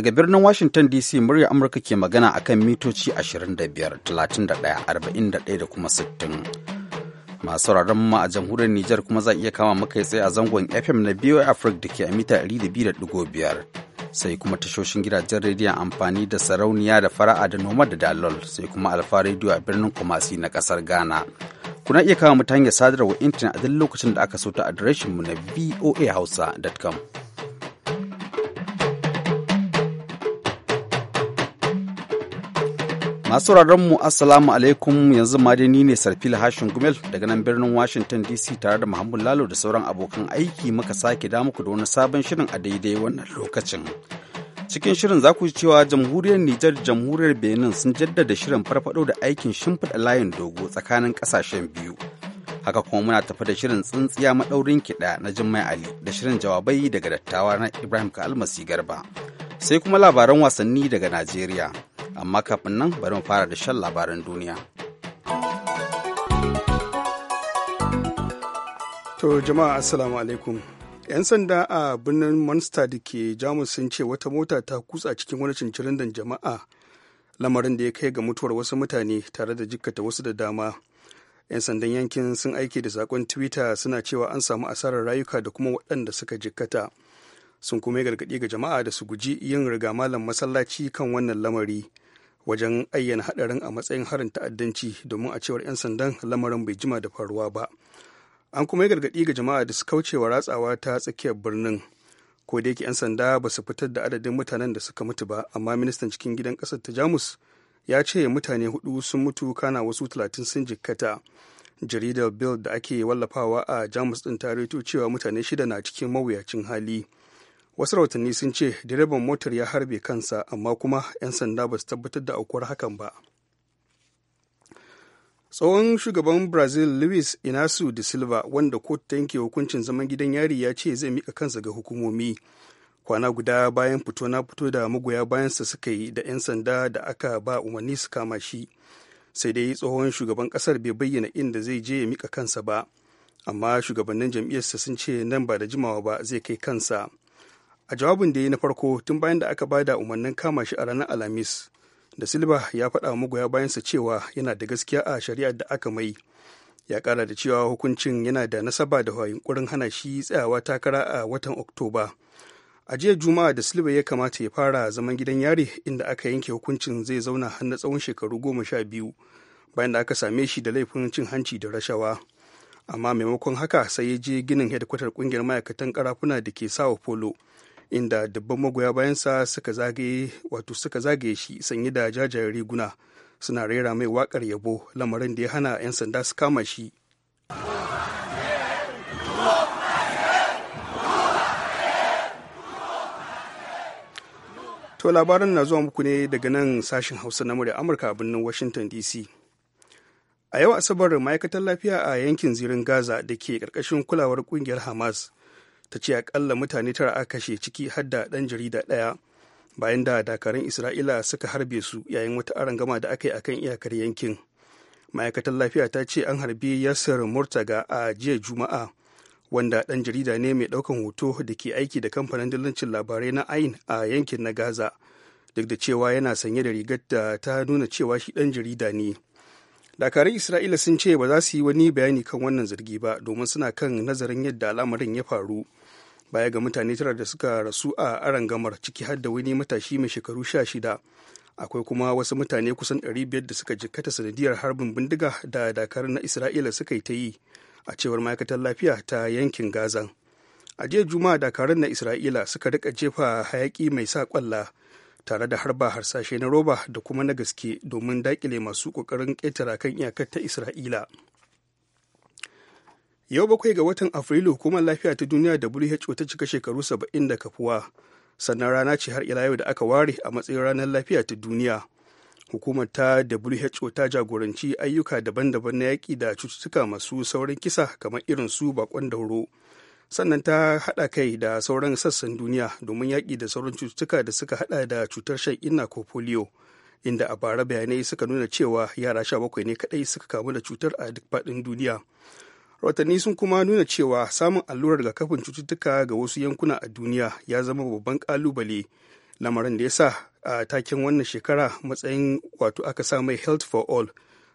Daga birnin Washington DC murya Amurka ke magana akan mitoci 25, 31, 41 da kuma 60. Masu rarren mu a jamhuriyar Nijar kuma za iya kama maka tsaye a zangon FM na BOA Africa da ke a mita 200.5. Sai kuma tashoshin gidajen rediyon amfani da sarauniya da fara'a da noma da dalol sai kuma alfa rediyo a birnin Kumasi na kasar Ghana. Kuna iya kama mu ta hanyar sadarwa intanet a duk lokacin da aka so ta mu na voahausa.com. Masu mu Assalamu alaikum yanzu madani ne Sarfila Hashin Gumel daga nan birnin Washington DC tare da Muhammad Lalo da sauran abokan aiki muka sake da muku da wani sabon shirin a daidai wannan lokacin. Cikin shirin za ku cewa jamhuriyar Nijar jamhuriyar Benin sun jaddada shirin farfado da aikin shimfiɗa layin dogo tsakanin ƙasashen biyu. Haka kuma muna tafi da shirin tsintsiya maɗaurin kiɗa na Jummai Ali da shirin jawabai daga dattawa na Ibrahim Ka'almasi Garba. Sai kuma labaran wasanni daga Najeriya. amma kafin nan bari mu fara da shan labaran duniya. To jama'a assalamu alaikum. 'Yan sanda a birnin Munster da ke Jamus sun ce wata mota ta kutsa cikin wani da jama'a lamarin da ya kai ga mutuwar wasu mutane tare da jikkata wasu da dama. 'Yan sandan yankin sun aiki da saƙon Twitter suna cewa an samu asarar rayuka da kuma waɗanda suka jikkata. Sun kuma gargaɗi ga jama'a da su guji yin riga malam masallaci kan wannan lamari. wajen ayyana hadarin a matsayin harin ta'addanci domin a cewar 'yan sandan lamarin bai jima da faruwa ba an kuma yi gargaɗi ga jama'a da su kaucewa ratsawa ta tsakiyar birnin ko da yake 'yan sanda ba su fitar da adadin mutanen da suka mutu ba amma ministan cikin gidan ƙasar ta jamus ya ce mutane hudu sun mutu kana wasu talatin sun jikkata jaridar bill da ake wallafawa a jamus ɗin ta cewa mutane shida na cikin mawuyacin hali wasu rahotanni sun ce direban motar ya harbe kansa amma kuma 'yan sanda ba su tabbatar da aukuwar hakan ba tsohon shugaban brazil luis inasu de silva wanda kotu ta yanke hukuncin zaman gidan yari ya ce zai mika kansa ga hukumomi kwana guda bayan fito na fito da magoya bayansa suka yi da 'yan sanda da aka ba umarni su kama shi sai dai tsohon shugaban kasar bai bayyana inda zai je ya mika kansa ba amma shugabannin jam'iyyarsa sun ce nan ba da jimawa ba zai kai kansa a jawabin da ya yi na farko tun bayan da aka bada umarnin kama shi a ranar alhamis da silba ya faɗa magoya bayansa cewa yana da gaskiya a shari'ar da aka mai ya kara da cewa hukuncin yana da nasaba da yunkurin hana shi tsayawa takara a watan oktoba a jiya juma'a da silba ya kamata ya fara zaman gidan yari inda aka yanke hukuncin zai zauna har na tsawon shekaru goma sha biyu bayan da aka same shi da laifin cin hanci da rashawa amma maimakon haka sai ya je ginin hedkwatar kungiyar ma'aikatan karafuna da ke sawa polo inda dubban magoya bayansa suka zage wato suka zage shi sanye da jajayen riguna suna rera mai wakar yabo lamarin da ya hana 'yan sanda su kama shi To labaran na zuwa muku ne daga nan sashen Hausa na murya Amurka a birnin Washington DC. A yau Asabar ma'aikatar lafiya a yankin zirin Gaza da ke ƙarƙashin kulawar ƙungiyar Hamas ta ce akalla mutane tara aka kashe ciki har da ɗan jarida ɗaya bayan da dakarun isra'ila suka harbe su yayin wata arangama da aka yi akan iyakar yankin ma'aikatar lafiya ta ce an harbi yasir murtaga a jiya juma'a wanda ɗan jarida ne mai ɗaukan hoto da ke aiki da kamfanin dillancin labarai na ain a yankin na gaza duk da cewa yana sanye da rigar da ta nuna cewa shi ɗan jarida ne dakarun isra'ila sun ce ba za su yi wani bayani kan wannan zargi ba domin suna kan nazarin yadda al'amarin ya faru baya ga mutane tara da suka rasu a gamar ciki har wani matashi mai shekaru sha shida akwai kuma wasu mutane kusan biyar da suka jikkata sanadiyar harbin bindiga da dakar na isra'ila suka yi ta yi a cewar ma'aikatar lafiya ta yankin gaza a jiya juma'a dakarun na isra'ila suka rika jefa hayaki mai sa kwalla tare da harba harsashe na roba da kuma na gaske domin dakile masu kokarin ƙetara kan iyakar ta isra'ila yau bakwai ga watan afrilu hukumar lafiya ta duniya who ta cika shekaru saba'in da kafuwa sannan rana ce har ila yau da aka ware a matsayin ranar lafiya ta duniya hukumar ta who ta jagoranci ayyuka daban-daban na yaƙi da cututtuka masu saurin kisa kamar irin su bakon dauro sannan ta haɗa kai da sauran sassan duniya domin yaƙi da sauran cututtuka da suka haɗa da cutar shan inna ko polio inda a bara bayanai suka nuna cewa yara sha bakwai ne kaɗai suka kamu da cutar a duk faɗin duniya rahotanni sun kuma nuna cewa samun allurar kafin cututtuka ga wasu yankuna a duniya ya zama babban kalubale lamarin da ya sa a taken wannan shekara matsayin wato aka sa mai health for all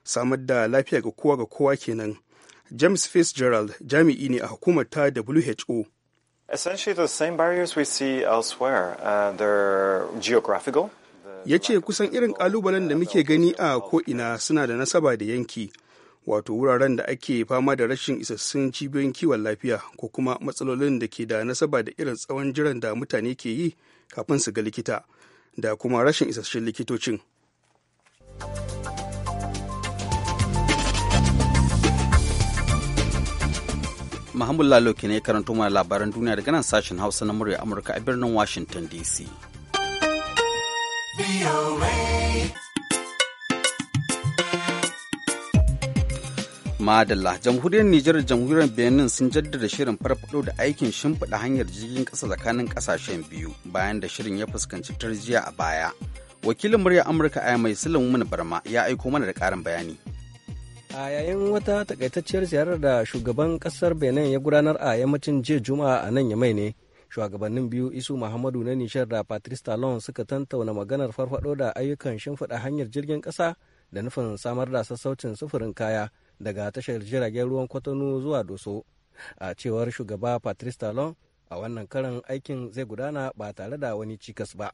samar da lafiya ga kowa ga kowa kenan james fitzgerald jami'i ne a hukumar ta who Essentially the same barriers we see elsewhere, uh, they're geographical. ya ce kusan irin kalubalen da muke gani a ko'ina suna da nasaba da yanki wato wuraren da ake fama da rashin isassun cibiyoyin kiwon lafiya ko kuma matsalolin da ke da nasaba da irin tsawon jiran da mutane ke yi kafin su ga likita da kuma rashin isassun likitocin. Muhammadu Lalo ke ne karanto mana labaran duniya daga nan sashen Hausa na murya Amurka a birnin Washington DC. Madalla, jamhuriyar Nijar da jamhuriyar Benin sun jaddada shirin farfado da aikin shimfiɗa hanyar jirgin ƙasa tsakanin ƙasashen biyu bayan da shirin ya fuskanci tarjiya a baya. Wakilin murya Amurka a mai silin Sulaiman Barma ya aiko mana da ƙarin bayani. a yayin wata takaitacciyar ziyarar da shugaban ƙasar benin ya gudanar a yammacin jiya juma'a a nan yamai ne shugabannin biyu isu muhammadu na nishar da patrice talon suka tantauna maganar farfado da ayyukan shimfiɗa hanyar jirgin ƙasa da nufin samar da sassaucin sufurin kaya daga tashar jiragen ruwan kwatano zuwa doso a cewar shugaba patrice talon a wannan karan aikin zai gudana ba tare da wani cikas ba.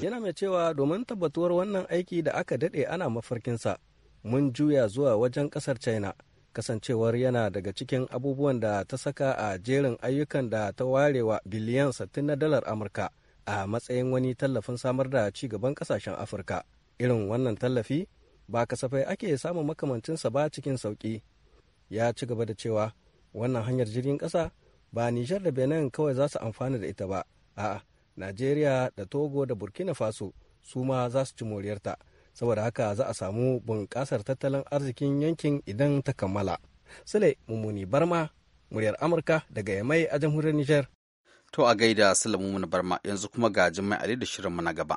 Yana mai cewa domin tabbatuwar wannan aiki da aka dade ana mafarkinsa, mun juya zuwa wajen kasar China, kasancewar yana daga cikin abubuwan da ta saka a jerin ayyukan da ta warewa biliyan 60 na dalar Amurka a matsayin wani tallafin samar da ci gaban ƙasashen Afirka. irin wannan tallafi ba kasafai ake samun makamancinsa ba cikin sauƙi ya ci gaba da cewa wannan hanyar jirgin ƙasa ba nijar da benin kawai za su amfana da ita ba a'a najeriya da togo da burkina faso su ma za su ci moriyarta saboda haka za a samu bunƙasar tattalin arzikin yankin idan ta kammala sule mummuni barma muryar amurka daga yamai a jamhuriyar nijar to a gaida sule mummuni barma yanzu kuma ga jimai ali da shirin na gaba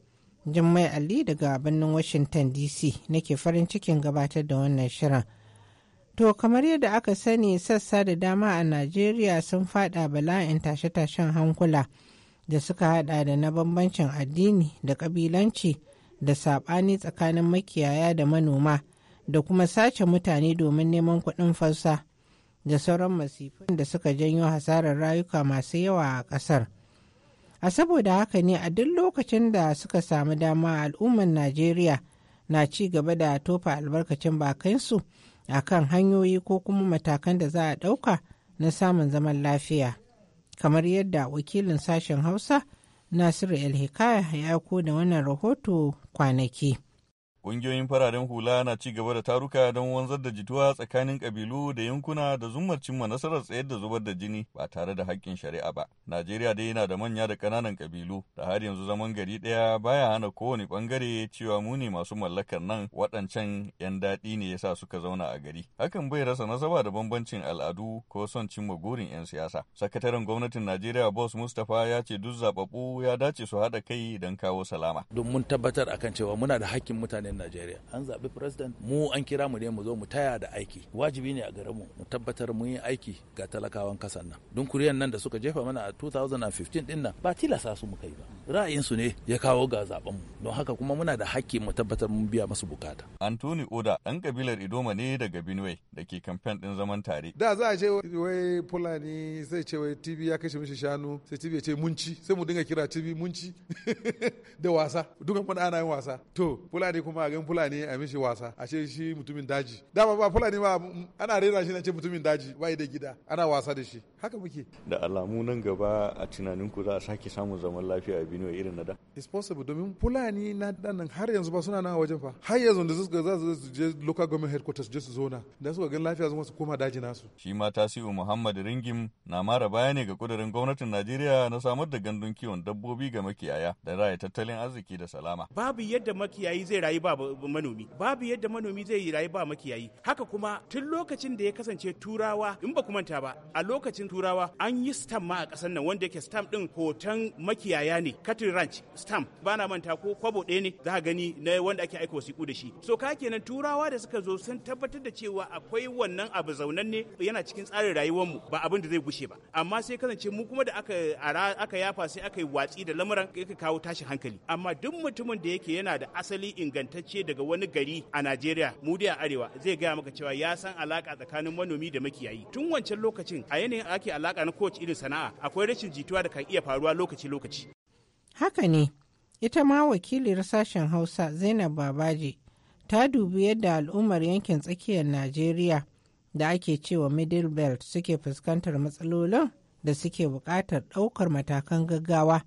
Jummai Ali daga birnin Washington DC nake farin cikin gabatar da wannan shirin. To kamar yadda aka sani sassa da dama a Najeriya sun fada bala'in tashe-tashen hankula da suka hada da na bambancin addini da kabilanci da saɓani tsakanin makiyaya da manoma da kuma sace mutane domin neman kuɗin fansa da sauran masifin da suka janyo hasarar rayuka masu yawa a ƙasar. a saboda haka ne a duk lokacin da suka samu dama al'ummar najeriya na ci gaba da tofa albarkacin bakansu a kan hanyoyi ko kuma matakan da za a ɗauka na samun zaman lafiya kamar yadda wakilin sashen hausa nasiru el hikaya ya ko da wannan rahoto kwanaki. Ƙungiyoyin fararen hula na ci gaba da taruka don wanzar da jituwa tsakanin ƙabilu da yankuna da zummar cimma nasarar tsayar da zubar da jini ba tare da haƙƙin shari'a ba. Najeriya dai yana da manya da ƙananan ƙabilu da har yanzu zaman gari ɗaya baya hana kowane ɓangare cewa mu ne masu mallakar nan waɗancan 'yan daɗi ne yasa suka zauna a gari. Hakan bai rasa nasaba da bambancin al'adu ko son cimma gurin 'yan siyasa. Sakataren gwamnatin Najeriya Boss Mustapha ya ce duk zaɓaɓɓu ya dace su haɗa kai don kawo salama. Don mun tabbatar akan cewa muna da haƙƙin mutane 'yan Najeriya an zaɓi president mu an kira mu ne mu zo mu taya da aiki wajibi ne a gare mu mu tabbatar mu yi aiki ga talakawan kasan nan don kuriyan nan da suka jefa mana a 2015 din nan ba tilasa su muka yi ba ra'ayin su ne ya kawo ga zaben mu don haka kuma muna da haƙƙi mu tabbatar mun biya masu bukata Anthony Oda dan kabilar Idoma ne daga Benue da ke kamfen din zaman tare da za a ce wai Fulani sai ce wai TV ya kashe mishi shanu sai TV ya ce munci sai mu dinga kira TV munci da wasa dukan kuma ana yin wasa to Fulani kuma ma gan fulani a mishi wasa a ce shi mutumin daji dama ba fulani ba ana rera shi na ce mutumin daji bai da gida ana wasa da shi haka muke da alamu nan gaba a tunanin ku za a sake samun zaman lafiya a Benue irin na da Is possible domin fulani na dan nan har yanzu ba suna nan a wajen fa har yanzu da suka za su je local government headquarters je su zona da suka gan lafiya zuwa su koma daji nasu shi ma tasiu Muhammad Ringim na mara baya ne ga kudirin gwamnatin Najeriya na samar da gandun kiwon dabbobi ga makiyaya da raya tattalin arziki da salama babu yadda makiyayi zai rayu ba ba manomi babu yadda manomi zai yi rayu ba makiyayi haka kuma tun lokacin da ya kasance turawa in ba manta ba a lokacin turawa an yi stamp ma a kasar nan wanda yake stamp din hoton makiyaya ne katin ranch stamp bana manta ko kwabo ɗaya ne za gani na wanda ake aika wasiƙu da shi so ka kenan turawa da suka zo sun tabbatar da cewa akwai wannan abu zaunan ne yana cikin tsarin rayuwarmu ba abin da zai gushe ba amma sai kasance mu kuma da aka ara aka yafa sai aka yi watsi da lamuran aka kawo tashin hankali amma duk mutumin da yake yana da asali inganta ce daga wani gari a Najeriya mu a arewa zai gaya maka cewa ya san alaka tsakanin manomi da makiyayi tun wancan lokacin a yanayin ake alaka na kowace irin sana'a akwai rashin jituwa da kan iya faruwa lokaci lokaci haka ne ita ma wakilin sashen Hausa Zainab Babaji ta dubi yadda al'ummar yankin tsakiyar Najeriya da ake cewa Middle Belt suke fuskantar matsalolin da suke buƙatar ɗaukar matakan gaggawa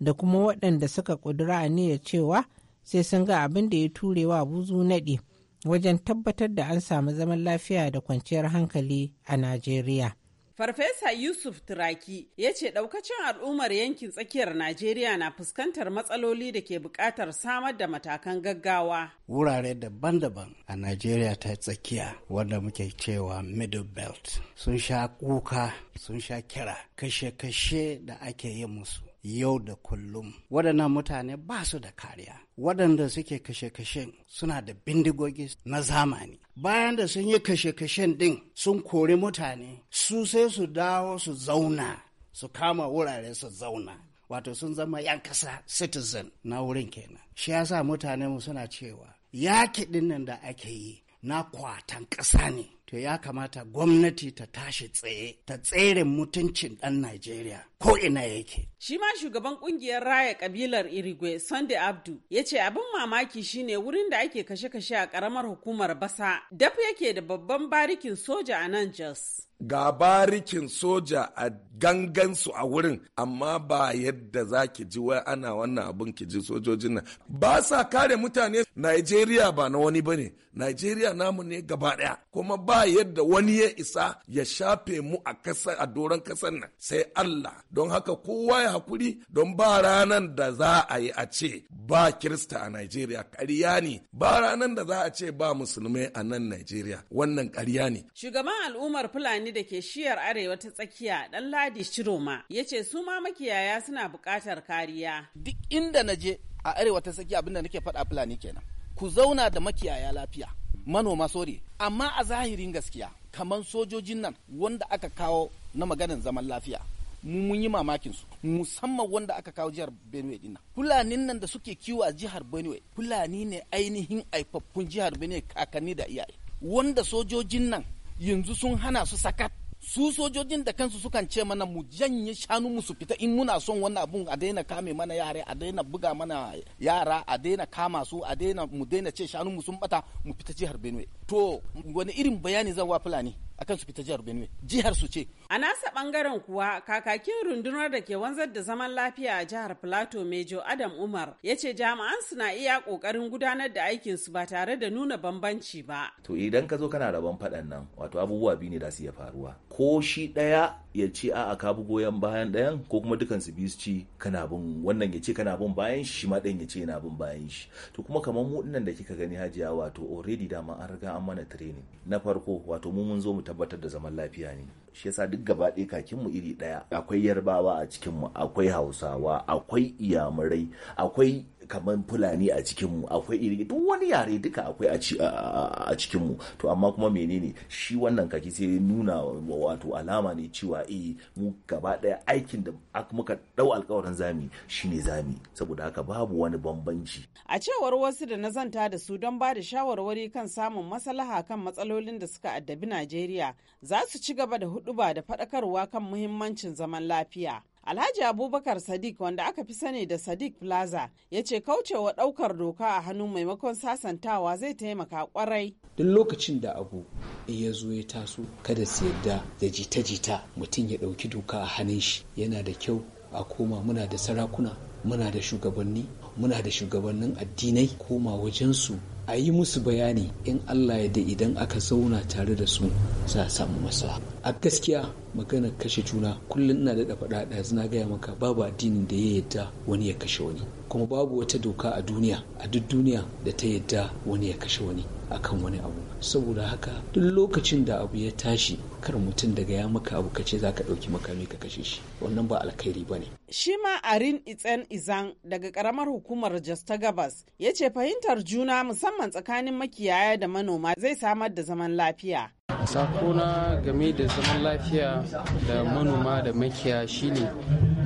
da kuma waɗanda suka ƙudura aniyar cewa sai sun ga abin da ya ture wa buzu naɗi wajen tabbatar da an samu zaman lafiya da kwanciyar hankali a Najeriya. Farfesa Yusuf Turaki ya ce ɗaukacin al'ummar yankin tsakiyar Najeriya na fuskantar matsaloli da ke buƙatar samar da matakan gaggawa. Wurare daban-daban a Najeriya ta tsakiya wanda muke cewa Middle Belt sun sha kuka sun sha kira kashe-kashe da ake yi musu. yau da kullum waɗannan mutane ba su da kariya waɗanda suke kashe kashe suna da bindigogi na zamani bayan da sun yi kashe-kashen ɗin sun kori mutane su sai su dawo su zauna su kama wurare su zauna wato sun zama 'yan ƙasa citizen na wurin kenan shi sa mutane mu suna cewa ya ɗin nan da ake yi na kwatan ƙasa ne to ya kamata gwamnati ta tashi tsaye ta tsere mutuncin ɗan Najeriya ko ina yake. Shi ma shugaban kungiyar raya kabilar Irigwe Sunday Abdu ya ce abin mamaki shine wurin da ake kashe-kashe a karamar hukumar basa daf yake da babban barikin soja a nan Jos. Ga barikin soja a gangansu a wurin amma ba yadda za ki ji wai ana wannan abin ki ji sojojin nan ba sa kare mutane Najeriya ba na wani bane Najeriya namu ne gaba daya kuma ba yadda wani ya isa ya shafe mu a doron kasar nan sai Allah don haka kowa ya hakuri don ba ranan da za a yi a ce ba kirista a Najeriya ƙarya ne ba ranan da za a ce ba musulmai a nan Najeriya wannan ƙarya ne. Shugaban al'ummar Fulani da ke shiyar arewa ta tsakiya ɗan Ladi Shiroma ya ce su ma makiyaya suna buƙatar kariya. Duk inda na je a arewa ta tsakiya abinda nake faɗa Fulani kenan. Ku zauna da makiyaya lafiya. manoma sori amma a zahirin gaskiya kamar sojojin nan wanda aka kawo na maganin zaman lafiya mu mun yi mamakin su musamman wanda aka kawo jihar Benue din nan Fulanin nan da suke kiwo a jihar Benue Fulani ne ainihin aifaffun jihar Benue kakanni da iyaye wanda sojojin nan yanzu sun hana su sakat su sojojin da kansu sukan ce mana mu janye shanu mu su fita in muna son wannan abun a daina kame mana yare a daina buga mana yara a daina kama su a daina mu daina ce shanu mu sun bata mu fita jihar Benue to wani irin bayani zan wa Fulani akan su fita jihar Benue jihar su ce a nasa bangaren kuwa kakakin rundunar da ke wanzar da zaman lafiya a jihar Plateau Mejo Adam Umar ya ce jami'an su na iya kokarin gudanar da aikin su ba tare da nuna bambanci ba to idan ka zo kana rabon faɗan nan wato abubuwa biyu ne da su iya faruwa ko shi ɗaya ya ce a ka bi goyon bayan ɗayan ko kuma dukan su biyu ci kana bin wannan ya ce kana bin bayan shi ma ɗayan ya ce yana bin bayan shi to kuma kamar mu dinnan da kika gani hajiya wato already dama an riga an mana training na farko wato mu mun zo mu tabbatar da zaman lafiya ne shi yasa duk gaba ɗaya kakin mu iri ɗaya akwai yarbawa a cikin mu akwai hausawa akwai iyamurai akwai kamar fulani a cikinmu akwai iri duk wani yare duka akwai a cikinmu to amma kuma menene shi wannan kaki sai nuna wato alama ne cewa yi mu gaba daya aikin da muka dau alkawarin zami shine zami saboda haka babu wani bambanci a cewar wasu da na zanta da su don ba da shawarwari kan samun maslaha kan matsalolin da suka addabi Najeriya za su ci gaba da huduba da faɗakarwa kan muhimmancin zaman lafiya Alhaji Abubakar Sadiq wanda aka fi sani da Sadiq Plaza ya ce kaucewa ɗaukar doka a hannu maimakon sasantawa zai taimaka kwarai. Duk lokacin da abu ya zo ya taso kada su yadda da jita-jita mutum ya ɗauki doka a hannun shi yana da kyau a koma muna da sarakuna muna da shugabanni muna da shugabannin addinai koma wajensu a yi musu bayani in allah ya da idan aka zauna tare da su za a samu maslaha a gaskiya maganar kashe juna kullum ina da faɗa ɗazu zina gaya maka babu addinin da ya yadda wani ya kashe wani kuma babu wata doka a duniya a duk duniya da ta yadda wani ya kashe wani akan wani abu saboda haka duk lokacin da abu ya tashi kar mutum daga ya maka abu kace za ka ɗauki makami ka kashe shi wannan ba alkhairi ba ne. shi ma arin itsen izan daga karamar hukumar jos ta gabas ya ce fahimtar juna musamman tsakanin makiyaya da manoma zai samar da zaman lafiya sakona game da zaman lafiya da manoma da makiya shine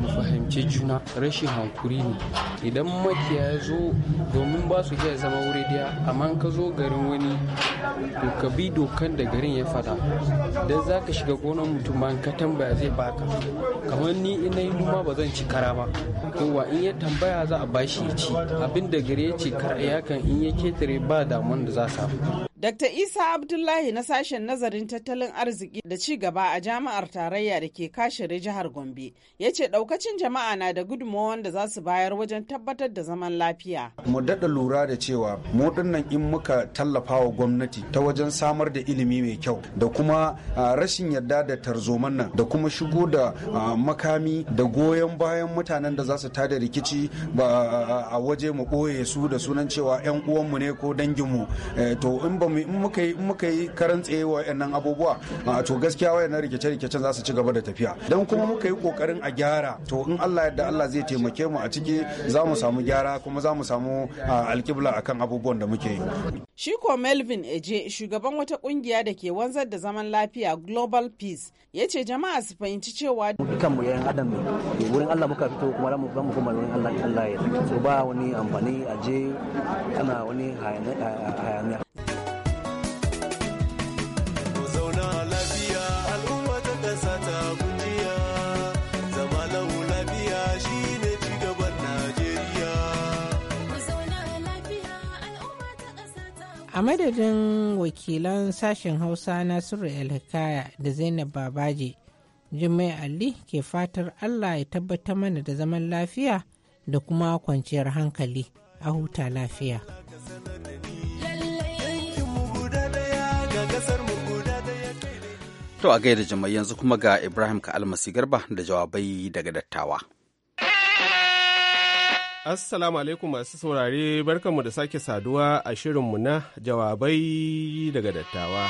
mu fahimci juna rashin hankuri ne idan makiya ya zo domin ba su iya zama wuri daya amma ka zo garin wani to ka bi dokan da garin ya fada dan za ka shiga gonar mutum ba ka tambaya zai baka kamar ni ina yi noma ba zan ci kara ba kowa in ya tambaya za a bashi ya ci abin da gare ya ce kar in ya ketare ba damuwan da za samu Dr. Isa Abdullahi na sashen nazarin tattalin arziki da ci gaba a jami'ar tarayya da ke kashere jihar Gombe ya ce daukacin jama'a na da gudunmawar da za su bayar wajen tabbatar da zaman lafiya. Mu daɗa lura da cewa mu ɗinnan in muka tallafa wa gwamnati ta wajen samar da ilimi mai kyau da kuma rashin yarda da tarzoman nan da kuma shigo da makami da goyon bayan mutanen da za su tada rikici ba a waje mu ɓoye su da sunan cewa 'yan uwanmu ne ko danginmu eh, to in mu in muka yi in muka yi karan tsaye abubuwa to gaskiya wa'annan rikice-rikicen za su ci gaba da tafiya dan kuma muka yi kokarin a gyara to in Allah yadda Allah zai taimake mu a ciki za mu samu gyara kuma za mu samu alkibla akan abubuwan da muke yi shi ko Melvin Eje shugaban wata kungiya da ke wanzar da zaman lafiya Global Peace ya ce jama'a su fahimci cewa dukkan mu yayin adam ne wurin Allah muka fito kuma mu ba mu kuma wurin Allah Allah ya so ba wani amfani aje ana wani hayaniya madadin wakilan sashen hausa nasiru el da zainab babaji jimai ali ke fatar allah ya tabbatar mana da zaman lafiya da kuma kwanciyar hankali a huta lafiya to a gaida jama'i yanzu kuma ga ibrahim ka almasi garba da jawabai daga dattawa Assalamu alaikum masu saurare barkanmu da sake saduwa a shirinmu na jawabai daga dattawa.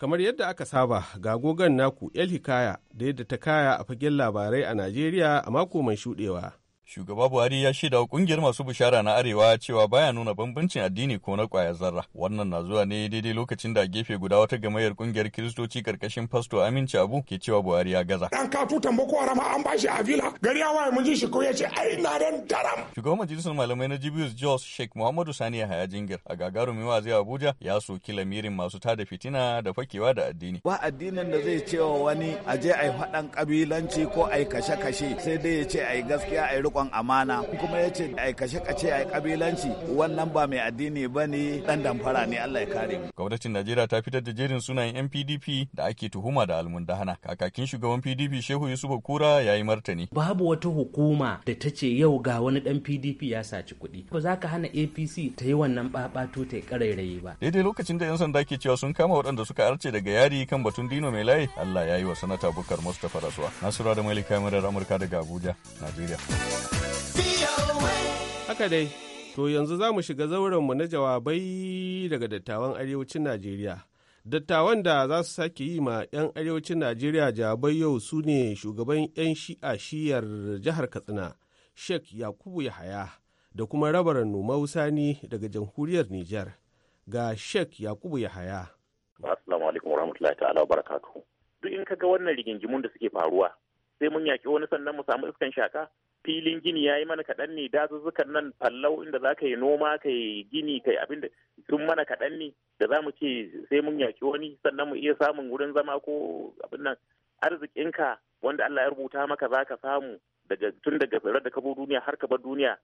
Kamar yadda aka saba ga gogon naku El Hikaya da yadda ta kaya a fagen labarai a Najeriya a mako mai shudewa. Shugaba Buhari ya shaida kungiyar masu bishara na Arewa cewa baya nuna bambancin addini ko na kwaya zarra. Wannan na zuwa ne daidai lokacin da gefe guda wata gamayyar kungiyar Kiristoci karkashin Fasto Aminci Abu ke cewa Buhari ya gaza. Dan ka tutan Boko Haram an bashi a vila gari ya waye mun ji shi ko ya ce ai na dan daram. Shugaban majalisar malamai na GBS Jos Sheikh Muhammadu Sani Yahaya Jingir a gagarumin wazi Abuja ya soki lamirin masu tada fitina da fakewa da addini. Ba addinin da zai cewa wani aje ai faɗan kabilanci ko ai kashe-kashe sai dai ya ce ai gaskiya ai riko riƙon amana kuma ya ce ai kashe kace ai kabilanci wannan ba mai addini ba ne dan damfara ne Allah ya kare mu. Gwamnatin Najeriya ta fitar da jerin sunayen 'yan PDP da ake tuhuma da almundahana. Kakakin shugaban PDP Shehu Yusuf Kura ya yi martani. Babu wata hukuma da ta ce yau ga wani ɗan PDP ya saci kuɗi. Ba za ka hana APC ta yi wannan babato ta yi karairayi ba. Daidai lokacin da 'yan sanda ke cewa sun kama waɗanda suka arce daga yari kan batun Dino Mai Layi, Allah ya yi wa sanata Bukar Mustapha rasuwa. Nasura da Malika Murar Amurka daga Abuja, Najeriya. Haka dai, to yanzu za mu shiga zaurenmu na jawabai daga dattawan arewacin Najeriya. Dattawan da za su sake yi ma 'yan arewacin Najeriya jawabai yau su ne shugaban 'yan shi'a shiyar jihar Katsina, Sheikh Yakubu Yahaya, da kuma rabar Numau Sani daga jamhuriyar Nijar. Ga Sheikh Yakubu Yahaya. Assalamu alaikum warahmatullahi ta'ala barakatuhu. Duk in ka ga wannan rigingimun da suke faruwa, sai mun yaƙi wani sannan mu samu iskan shaka, filin gini ya yi mana kaɗan ne dazuzzukan nan fallau inda za ka yi noma ka yi gini ka yi abin da sun mana kaɗan ne da za mu ce sai mun yaƙi wani sannan mu iya samun wurin zama ko abin nan arzikinka wanda Allah ya rubuta maka za ka samu daga tun daga tsirrai da kabo duniya har ka bar duniya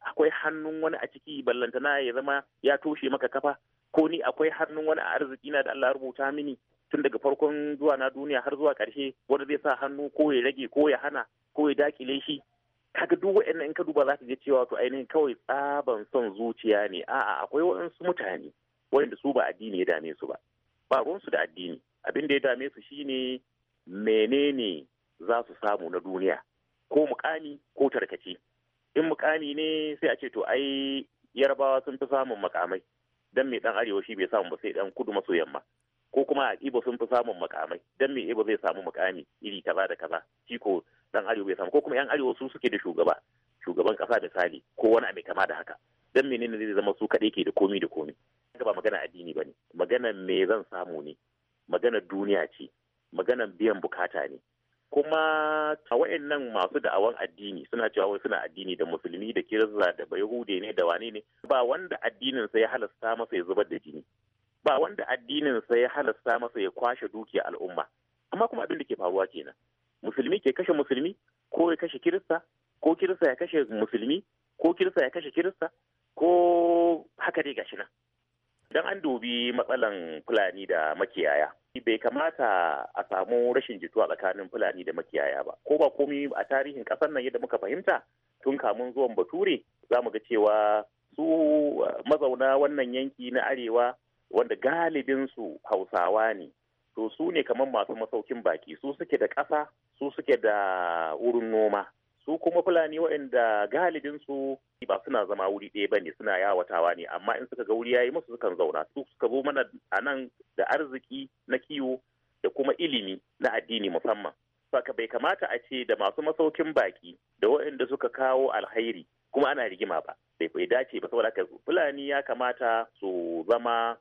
akwai hannun wani a ciki ballantana ya zama ya toshe maka kafa ko ni akwai hannun wani a arziki na da Allah ya rubuta mini tun daga farkon zuwa na duniya har zuwa ƙarshe wanda zai sa hannu ko ya rage ko ya hana ko ya dakile shi kaga duk wa'annan in ka duba za ka je cewa to ainihin kawai tsaban son zuciya ne a'a akwai waɗansu mutane waɗanda su ba addini ya dame su ba ba ruwansu da addini abin da ya dame su shine menene za su samu na duniya ko mukami ko tarkace in mukami ne sai a ce to ai yarbawa sun fi samun makamai dan mai dan arewa shi bai samu ba sai dan kudu maso yamma ko kuma a ibo sun fi samun makamai dan mai ibo zai samu mukami iri kaza da kaza shi ko dan arewa bai samu ko kuma yan arewa su suke da shugaba shugaban kasa da ko wani abu kama da haka dan menene zai zama su kaɗai ke da komi da komi ba magana addini bane magana me zan samu ne magana duniya ce magana biyan bukata ne kuma a wayannan masu da'awan addini suna cewa wai suna addini da musulmi da kirista da bayahude ne da wane ne ba wanda addinin sa ya halasta masa ya zubar da jini ba wanda addinin sa ya halasta masa ya kwashe dukiya al'umma amma kuma abin da ke faruwa kenan musulmi ke kashe musulmi ko ya kashe kirista ko kirista ya kashe musulmi ko kirista ya kashe kirista ko haka dai gashi nan dan an dubi matsalan fulani da makiyaya bai kamata a samu rashin jituwa tsakanin fulani da makiyaya ba ko ba komi a tarihin kasar nan yadda muka fahimta tun kamun zuwan bature za mu ga cewa su eh, mazauna wannan yanki na arewa wanda galibinsu hausawa ne to su ne kamar masu masaukin baki su suke da ƙasa su suke da wurin noma su kuma fulani waɗanda galibin su ba suna zama wuri ɗaya ba ne suna yawatawa ne amma in suka ga wuri yayi musu sukan zauna su suka zo mana a nan da arziki na kiwo da kuma ilimi na addini musamman saka bai kamata a ce da masu masaukin baki da waɗanda suka kawo alhairi kuma ana rigima ba bai dace ba saboda haka fulani ya kamata su zama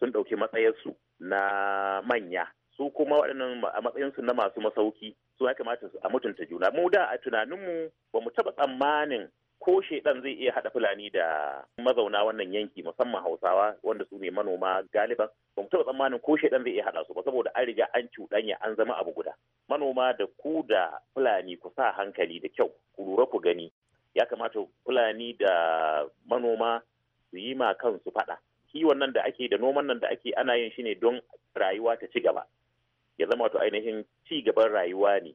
sun ɗauki matsayarsu na manya su kuma waɗannan a matsayinsu na masu masauki su ya kamata a mutunta juna mu da a tunaninmu ba mu taɓa tsammanin ko shedan zai iya haɗa fulani da mazauna wannan yanki musamman hausawa wanda su ne manoma galiban ba mu taɓa tsammanin ko shedan zai iya haɗa su ba saboda an riga an cuɗanya an zama abu guda manoma da ku da fulani ku sa hankali da kyau ku lura ku gani ya kamata fulani da manoma su yi ma kansu faɗa kiwon nan da ake da noman nan da ake ana yin shi ne don rayuwa ta ci gaba ya zama to ainihin ci gaban rayuwa ne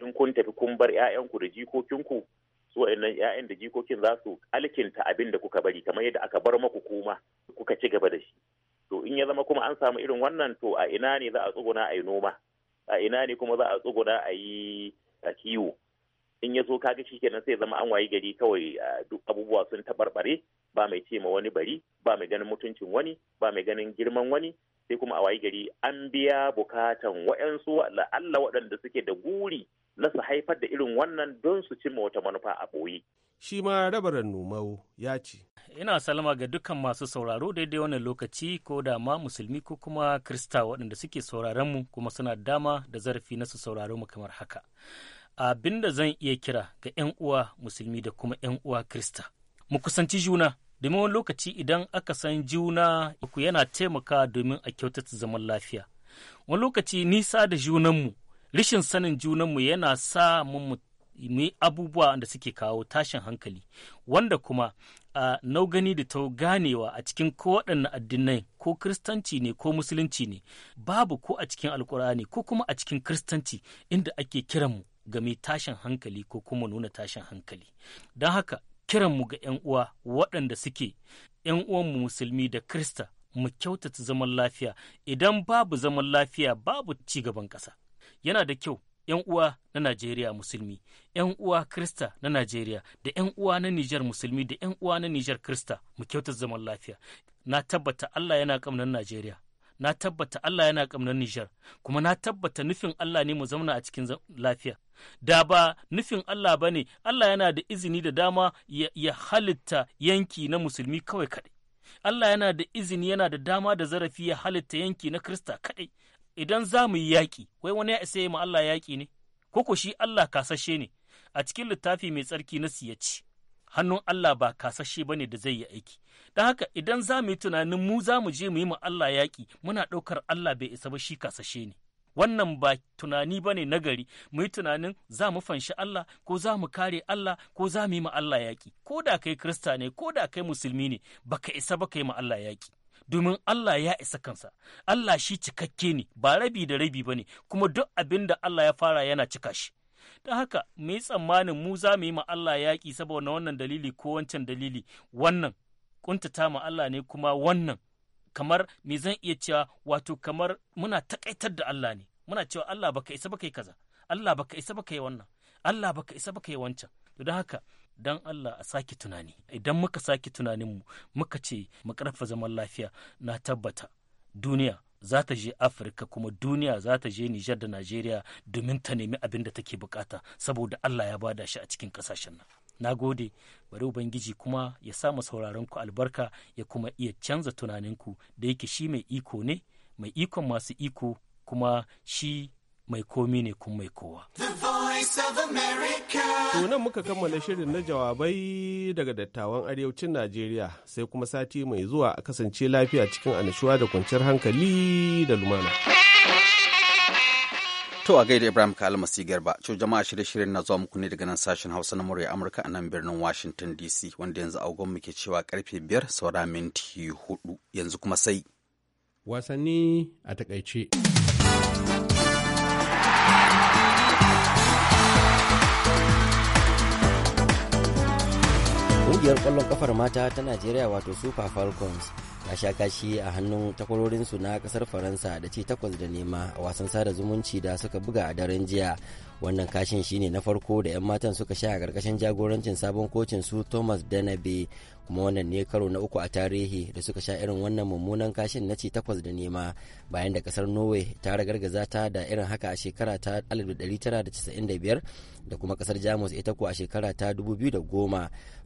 in kun tafi kun bar 'ya'yanku da jikokinku su waɗannan 'ya'yan da jikokin za su alkinta abin da kuka bari kamar yadda aka bar maku kuma kuka ci gaba da shi to in ya zama kuma an samu irin wannan to a ina ne za a tsuguna a yi noma a ina ne kuma za a tsuguna a yi kiwo in ya zo kaga shi kenan sai zama an wayi gari kawai duk abubuwa sun tabarbare ba mai ce ma wani bari ba mai ganin mutuncin wani ba mai ganin girman wani sai kuma a wayi gari an biya bukatan wa'yansu Allah waɗanda suke da guri na su haifar da irin wannan don su cimma wata manufa a ɓoye. Shi ma rabaran numau ya ce. Ina salama ga dukkan masu sauraro daidai wannan lokaci ko da ma musulmi ko kuma krista waɗanda suke sauraron mu kuma suna dama da zarafi na su sauraro mu kamar haka. abin da zan iya kira ga 'yan uwa musulmi da kuma 'yan uwa krista mu kusanci juna domin wani lokaci idan aka san juna ku yana taimaka domin a kyautata zaman lafiya wani lokaci nisa da junanmu rashin sanin junanmu yana sa mu yi abubuwa da suke kawo tashin hankali wanda kuma a naugani da ta ganewa a cikin ko waɗanne addinai ko kristanci ne ko musulunci ne babu ko a cikin alkur'ani ko kuma a cikin kristanci inda ake kiranmu game tashin hankali ko kuma nuna tashin hankali don haka kiranmu ga 'yan uwa waɗanda suke 'yan uwanmu musulmi da krista mu kyautata zaman lafiya idan babu zaman lafiya babu ci gaban ƙasa yana da kyau 'yan uwa na Najeriya musulmi, 'yan uwa Krista na Najeriya da 'yan uwa na Nijar musulmi da 'yan uwa na Nijar Krista mu kyautata zaman lafiya. Na tabbata Allah yana ƙamnan Najeriya, na tabbata Allah yana ƙamnar Nijar kuma na tabbata nufin Allah ne mu zauna a cikin lafiya da ba nufin Allah ba ne Allah yana da izini da dama ya halitta yanki na musulmi kawai kaɗai Allah yana da izini yana da dama da zarafi ya halitta yanki na Krista kaɗai idan za mu yi yaƙi wai wani ya isa Allah yaƙi ne ko ku shi Allah kasashe ne a cikin littafi mai tsarki na siyaci hannun Allah ba kasashe ba ne da zai yi aiki. Don haka idan za mu yi tunanin mu za mu je mu yi mu Allah yaƙi muna ɗaukar Allah bai isa ba shi kasashe ne. Wannan ba tunani ba ne nagari mu yi tunanin za mu fanshi Allah ko za mu kare Allah ko za mu yi mu Allah yaƙi. Ko da kai Kirista ne ko da kai Musulmi ne baka isa ba ka yi mu Allah yaƙi. domin Allah ya isa kansa, Allah shi cikakke ne, ba rabi da rabi ba ne, kuma duk abin da Allah ya fara yana cika shi. don haka muyi tsammanin mu za mu yi ma Allah yaƙi saboda wannan dalili ko wancan dalili wannan kuntata ma Allah ne kuma wannan kamar mai zan iya cewa wato kamar muna takaitar da Allah ne muna cewa Allah baka isa baka yi kaza Allah baka isa baka yi wannan Allah baka isa baka yi wancan to don haka dan Allah a sake tunani idan muka sake mu muka ce mu karfa zaman lafiya na tabbata duniya za ta je afirka kuma duniya za ta je nijar da najeriya domin ta nemi abin da take bukata saboda allah ya bada shi a cikin kasashen nan na gode bari ubangiji kuma ya samu sauraron ku albarka ya kuma iya canza tunaninku da yake shi mai iko ne mai ikon masu iko kuma shi mai komi ne kuma mai kowa. To nan muka kammala shirin na jawabai daga dattawan arewacin Najeriya sai kuma sati mai zuwa a kasance lafiya cikin annashuwa da kwanciyar hankali da lumana. To a gaida Ibrahim Masi Garba, co jama'a shirye-shiryen na zuwa muku ne daga nan sashen Hausa na murya Amurka a nan birnin Washington DC wanda yanzu agon muke cewa karfe biyar saura minti hudu yanzu kuma sai. Wasanni a takaice. kungiyar kwallon ƙafar mata ta Najeriya wato Super Falcons ta sha kashi a hannun takwarorinsu na kasar faransa da ci takwas da nema a wasan sada zumunci da suka buga a daren jiya wannan kashin shine na farko da 'yan matan suka sha a karkashin jagorancin sabon kocin su thomas danabe kuma wannan ne karo na uku a tarihi da suka sha irin wannan mummunan kashin na ci takwas da nema bayan da kasar norway ta ragargaza ta da irin haka a shekara ta 1995 da kuma kasar jamus ita ko a shekara ta 2010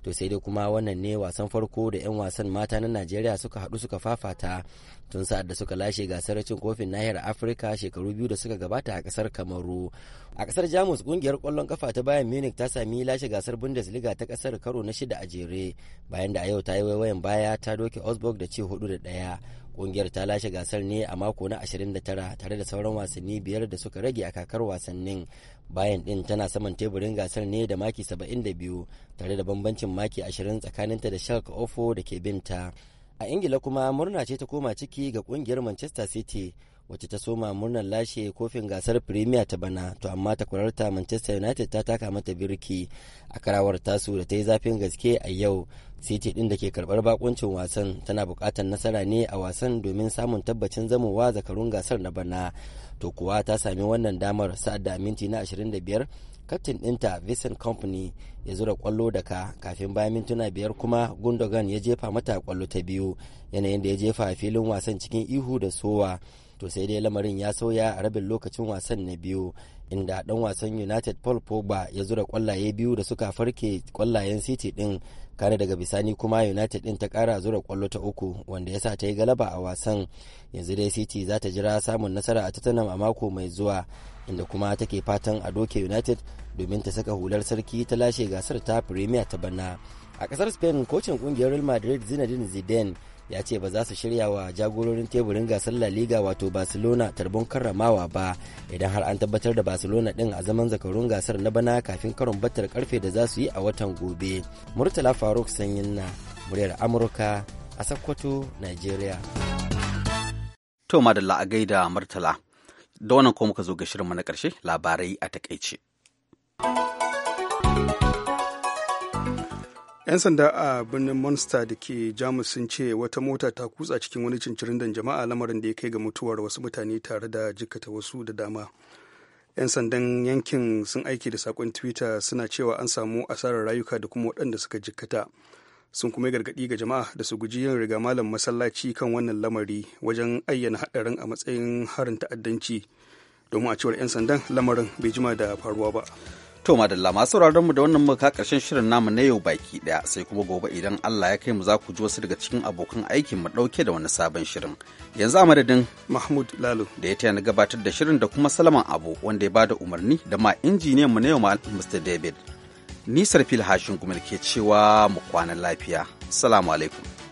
to sai dai kuma wannan ne wasan farko da 'yan wasan mata na najeriya suka hadu suka fafata tun sa'ad da suka lashe gasar cin kofin nahiyar afirka shekaru biyu da suka gabata a kasar kamaru a kasar jamus kungiyar kwallon kafa ta bayan munich ta sami lashe gasar bundesliga ta kasar karo na shida a jere bayan da a yau ta yi waiwayen baya ta doke osburg da ce hudu da daya kungiyar ta lashe gasar ne a mako na da tara tare da sauran wasanni biyar da suka rage a kakar wasannin bayan din tana saman teburin gasar ne da maki saba'in da biyu tare da bambancin maki 20 tsakaninta da shark ofo da ke binta a ingila kuma murna ce ta koma ciki ga kungiyar manchester city wacce ta soma murnar lashe kofin gasar premier ta bana to amma ta ta manchester united ta taka mata birki a karawar tasu da ta yi zafin gaske a yau city din da ke karbar bakuncin wasan tana bukatar nasara ne a wasan domin samun tabbacin zamowa zakarun gasar na bana to kuwa ta sami wannan damar sa'ad da minti na 25 kaftin ɗinta vincent company ya zura kwallo da ka kafin bayan mintuna biyar kuma gundogan ya jefa mata kwallo ta biyu yanayin da ya jefa a filin wasan cikin ihu da sowa to sai dai lamarin ya sauya a rabin lokacin wasan na biyu inda dan wasan united paul pogba ya zura kwallaye biyu da suka farke kwallayen city din kare daga bisani kuma united din ta kara zura kwallo ta uku wanda ya sa ta yi galaba a wasan yanzu dai city za ta jira samun nasara a tottenham a mako mai zuwa inda kuma take fatan a doke united domin ta saka hular sarki ta lashe gasar ta premier ta bana a kasar spain kocin kungiyar real madrid zinedine zidane ya ce ba za su shirya wa jagororin teburin gasar la liga wato barcelona tarbon karramawa ba idan har an tabbatar da barcelona din a zaman zakarun gasar na bana kafin karon batar karfe da za su yi a watan gobe murtala faruk sanyin na muryar amurka a sakkwato nigeria to madalla a gaida murtala da wannan ko muka zo ga shirinmu na ƙarshe labarai a takaice. 'yan sanda a birnin monster da ke jamus sun ce wata mota ta kutsa cikin wani dan jama'a lamarin da ya kai ga mutuwar wasu mutane tare da jikata wasu da dama 'yan sandan yankin sun aiki da sakon twitter suna cewa an samu asarar rayuka da kuma waɗanda suka jikata sun kuma gargaɗi ga jama'a da su guji yin riga malam masallaci kan wannan lamari wajen ayyana haɗarin a matsayin harin ta'addanci domin a cewar 'yan sandan lamarin bai jima da faruwa ba. To madalla masu mu da wannan muka karshen shirin namu na yau baki daya sai kuma gobe idan Allah ya kai mu za ku ji wasu daga cikin abokan aikin mu dauke da wani sabon shirin. Yanzu a madadin Mahmud lalu da ya taya na gabatar da shirin da kuma Salaman Abu wanda ya bada umarni da ma injiniyan mu na yau Mr. David. nisar filhashin lahashin kuma ke cewa mu kwana lafiya salamu alaikum